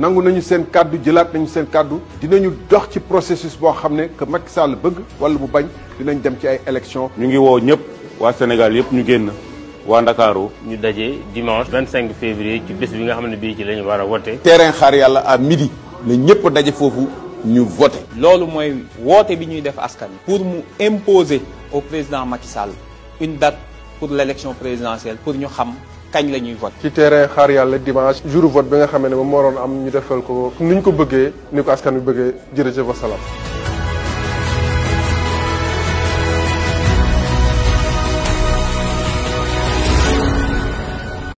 Nous nañu sen kàddu jëlaat nañu sen kàddu dinañu dox ci processus boo xam que Macky Sall bëgg wala bu bañ dinañ dem ci ay élections. ñu ngi wo ñëpp wa Sénégal yëpp ñu génn wa Ndakaaru ñu dajé dimanche 25 février ci bës bi nga xamné bi ci lañu wara voter terrain xar yalla à midi le ñëpp dajé fofu ñu voter loolu moy voter bi ñuy def askan pour mu imposer au président Macky Sall une date pour l'élection présidentielle pour ñu xam. kañ la ñuy vote ci terrain xaar yàlla dimanche jour vote bi nga xam ne moom moo doon am ñu defal ko ñu ko bëggee ni ko askan bi bëggee jërëjëf wasalaam